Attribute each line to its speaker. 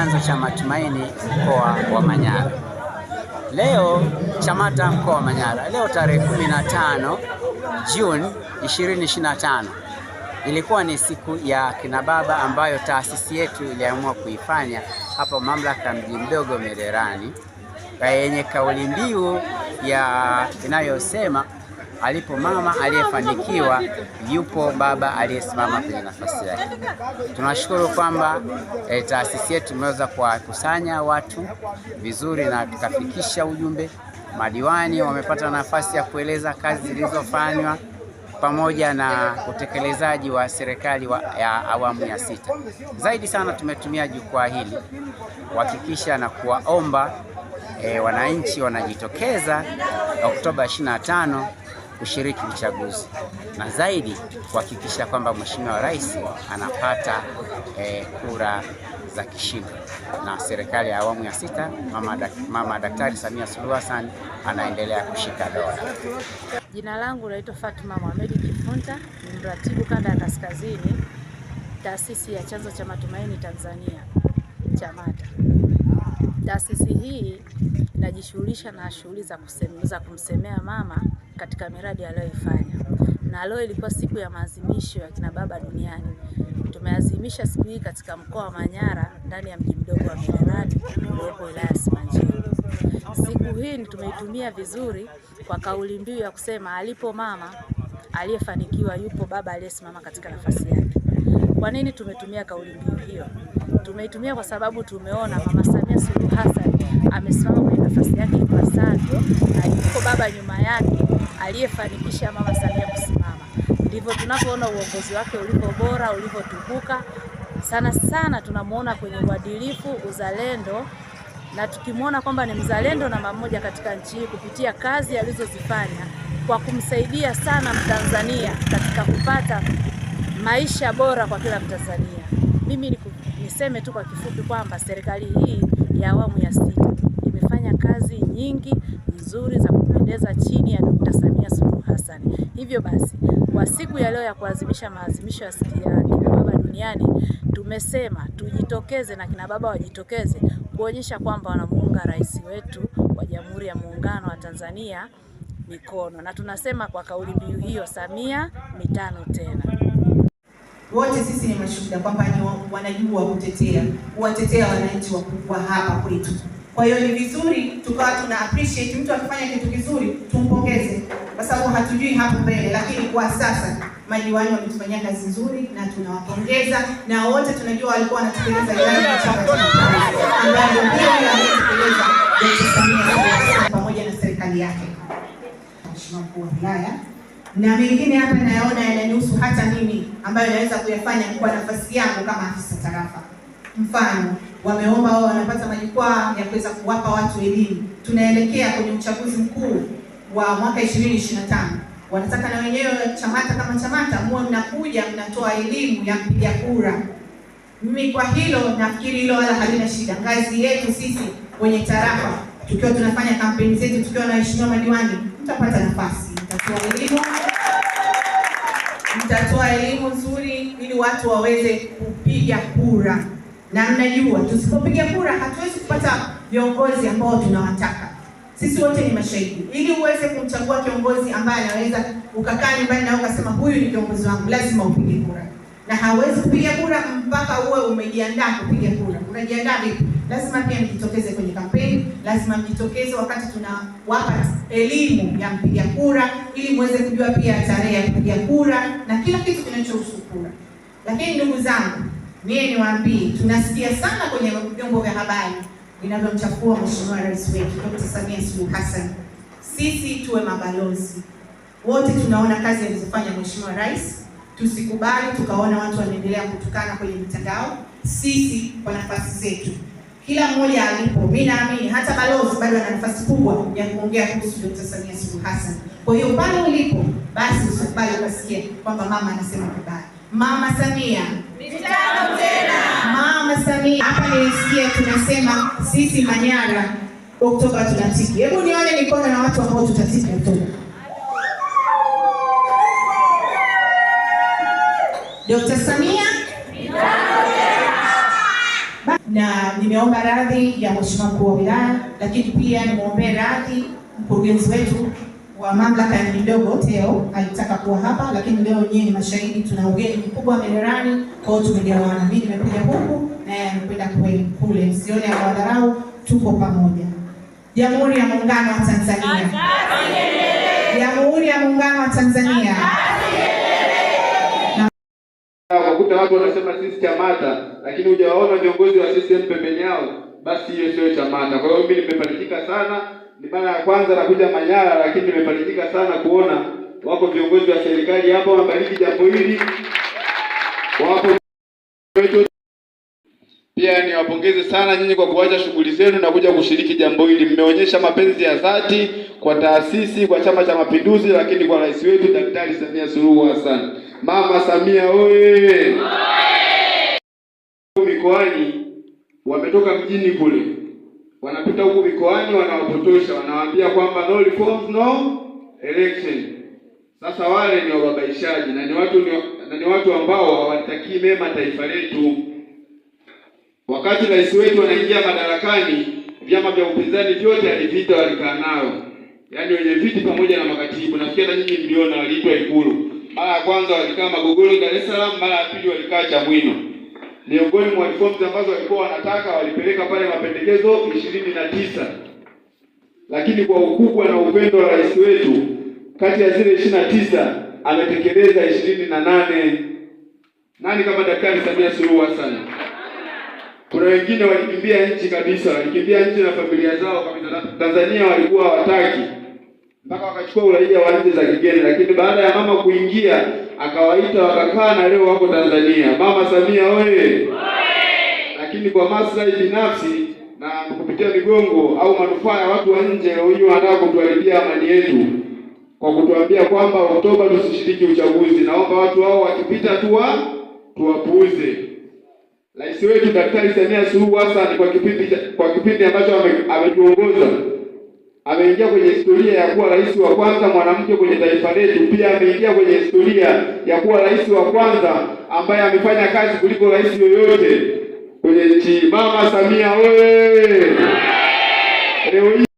Speaker 1: chanzo cha matumaini mkoa wa Manyara. Leo CHAMATA mkoa wa Manyara, leo tarehe 15 Juni 2025 ilikuwa ni siku ya kina baba ambayo taasisi yetu iliamua kuifanya hapa mamlaka mji mdogo Mererani yenye kauli mbiu ya inayosema alipo mama aliyefanikiwa, yupo baba aliyesimama kwenye nafasi yake. Tunashukuru kwamba e, taasisi yetu imeweza kuwakusanya watu vizuri na tukafikisha ujumbe. Madiwani wamepata nafasi ya kueleza kazi zilizofanywa pamoja na utekelezaji wa serikali ya awamu ya sita. Zaidi sana tumetumia jukwaa hili kuhakikisha na kuwaomba e, wananchi wanajitokeza Oktoba 25 kushiriki uchaguzi na zaidi kuhakikisha kwamba Mheshimiwa Rais anapata eh, kura za kishindo na serikali ya awamu ya sita mama, dak, mama Daktari Samia Suluhu Hassan anaendelea kushika dola.
Speaker 2: Jina langu naitwa Fatuma Mohamed Kifunta, ni mratibu kanda ya kaskazini taasisi ya Chanzo cha Matumaini Tanzania CHAMATA. Taasisi hii inajishughulisha na shughuli za kumsemea mama katika miradi aliyoifanya. Na leo ilikuwa siku ya maadhimisho ya kina baba duniani. Tumeadhimisha siku hii katika mkoa wa Manyara ndani ya mji mdogo wa Mererani uliopo wilaya ya Simanjiro. Siku hii tumeitumia vizuri kwa kauli mbiu ya kusema alipo mama aliyefanikiwa yupo baba aliyesimama katika nafasi yake. Kwa nini tumetumia kauli mbiu hiyo? Tumeitumia kwa sababu tumeona Mama Samia Suluhu Hassan amesimama nafasi yake ipasavyo, na yuko baba nyuma yake aliyefanikisha Mama Samia kusimama. Ndivyo tunavyoona uongozi wake ulivyo bora, ulivyotukuka sana sana. Tunamuona kwenye uadilifu, uzalendo na tukimwona kwamba ni mzalendo namba moja katika nchi hii kupitia kazi alizozifanya kwa kumsaidia sana Mtanzania katika kupata maisha bora kwa kila Mtanzania. Mimi niseme tu kwa kifupi kwamba serikali hii ya awamu ya sita amefanya kazi nyingi nzuri za kupendeza chini ya Dr. Samia Suluhu Hassan. Hivyo basi kwa siku ya leo ya kuadhimisha maadhimisho ya siku ya kina baba duniani, tumesema tujitokeze na kina baba wajitokeze kuonyesha kwamba wanamuunga rais wetu wa Jamhuri ya Muungano wa Tanzania mikono, na tunasema kwa kauli mbiu hiyo, Samia mitano tena.
Speaker 3: Wote sisi ni mashuhuda kwamba ni wanajua kutetea kuwatetea wananchi wakubwa hapa kwetu. Kwa hiyo ni vizuri tukawa tuna appreciate mtu akifanya kitu kizuri tumpongeze, kwa sababu hatujui hapo mbele, lakini kwa sasa madiwani wametufanyia kazi nzuri na tunawapongeza, na wote tunajua walikuwa wanatekeleza ilani ya chama ambayo ndio anatekeleza pamoja na serikali yake, Mheshimiwa mkuu wa wilaya na mengine hapa nayaona yananihusu hata mimi ambayo naweza kuyafanya kwa nafasi yangu kama afisa tarafa mfano wameomba wao wanapata majukwaa ya kuweza kuwapa watu elimu. Tunaelekea kwenye uchaguzi mkuu wa mwaka 2025 wanataka na wenyewe CHAMATA kama CHAMATA muwe mnakuja mnatoa elimu ya mpiga kura. Mimi kwa hilo nafikiri hilo wala halina shida. Ngazi yetu sisi kwenye tarafa tukiwa tunafanya kampeni zetu tukiwa na waheshimiwa madiwani, mtapata nafasi, mtatoa elimu, mtatoa elimu nzuri ili watu waweze kupiga kura na mnajua tusipopiga kura hatuwezi kupata viongozi ambao tunawataka. Sisi wote ni mashahidi. Ili uweze kumchagua kiongozi ambaye anaweza ukakaa nyumbani na ukasema huyu ni kiongozi wangu, lazima upige kura, na hawezi kupiga kura mpaka uwe umejiandaa kupiga kura. Unajiandaa vipi? Lazima pia mjitokeze kwenye kampeni, lazima mjitokeze wakati tunawapa elimu ya mpiga kura, ili muweze kujua pia tarehe ya kupiga kura na kila kitu kinachohusu kura. Lakini ndugu zangu Mie niwaambie, tunasikia sana kwenye vyombo vya habari vinavyomchafua Mheshimiwa Rais wetu Dr. Samia Suluhu Hassan. Sisi tuwe mabalozi wote, tunaona kazi alizofanya Mheshimiwa Rais. Tusikubali tukaona watu wanaendelea kutukana kwenye mitandao. Sisi kwa nafasi zetu, kila mmoja alipo, mi naamini hata balozi bado ana nafasi kubwa ya kuongea kuhusu Dr. Samia Suluhu Hassan. Kwa hiyo pale ulipo, basi usikubali ukasikia kwamba mama anasema vibaya. Mama Samia
Speaker 4: mitano tena,
Speaker 3: Mama Samia. Hapa nilisikia tunasema sisi Manyara Oktoba tunatiki. Hebu nione nikono na watu ambao tutatiki Oktoba. Dr. Samia na nimeomba radhi ya mheshimiwa mkuu wa wilaya, lakini pia nimwombee radhi mkurugenzi wetu wa mamlaka ya midogo TEO alitaka kuwa hapa, lakini leo nyinyi ni mashahidi, tuna ugeni mkubwa Mererani. Kwa hiyo tumegawana, mimi nimekuja huku na yeye amekwenda kule, msione awadharau, tuko pamoja. Jamhuri ya Muungano wa Tanzania, Jamhuri ya Muungano wa Tanzania.
Speaker 5: Unakuta watu wanasema sisi CHAMATA, lakini hujawaona viongozi wa CCM pembeni yao, basi hiyo sio CHAMATA. Kwa hiyo mimi nimefanikika sana ni mara ya kwanza nakuja Manyara, lakini nimefarijika sana kuona wako viongozi wa serikali hapa wamebariki jambo hili, wapo pia. Niwapongeze sana nyinyi kwa kuacha shughuli zenu na kuja kushiriki jambo hili. Mmeonyesha mapenzi ya dhati kwa taasisi, kwa Chama cha Mapinduzi, lakini kwa rais wetu Daktari Samia Suluhu Hassan. Mama Samia oye! Mikoani wametoka mjini kule wanapita huku mikoani wanawapotosha, wanawaambia kwamba no reforms no election. Sasa wale ni wababaishaji na ni watu na ni watu ambao hawatakii mema taifa letu. Wakati rais wetu anaingia madarakani, vyama vya upinzani vyote alivita, walikaa nao, yaani wenye viti pamoja na makatibu. Nafikiri hata nyinyi mliona, waliitwa Ikulu. Mara ya kwanza walikaa Magogoro, Dar es Salaam, mara ya pili walikaa Chamwino miongoni mwa reforms ambazo walikuwa wanataka, walipeleka pale mapendekezo ishirini na tisa, lakini kwa ukubwa na upendo wa rais wetu, kati ya zile ishirini na tisa ametekeleza ishirini na nane. Nani kama Daktari Samia Suluhu Hassan? Kuna wengine walikimbia nchi kabisa, walikimbia nchi na familia zao kabisa. Tanzania walikuwa hawataki mpaka wakachukua uraia wa nchi za kigeni, lakini baada ya mama kuingia akawaita wakakaa, na leo wako Tanzania. Mama Samia oye! Lakini kwa maslahi binafsi na kupitia migongo au manufaa ya watu wa nje, huyu wanataka kutuharibia amani yetu kwa kutuambia kwamba Oktoba tusishiriki uchaguzi. Naomba watu hao wakipita tu tuwapuuze. Rais wetu Daktari Samia Suluhu Hassan kwa kipindi kwa kipindi ambacho ametuongoza ameingia kwenye historia ya kuwa rais wa kwanza mwanamke kwenye taifa letu. Pia ameingia kwenye historia ya kuwa rais wa kwanza ambaye amefanya kazi kuliko rais yoyote kwenye nchi. Mama Samia oye!
Speaker 4: Leo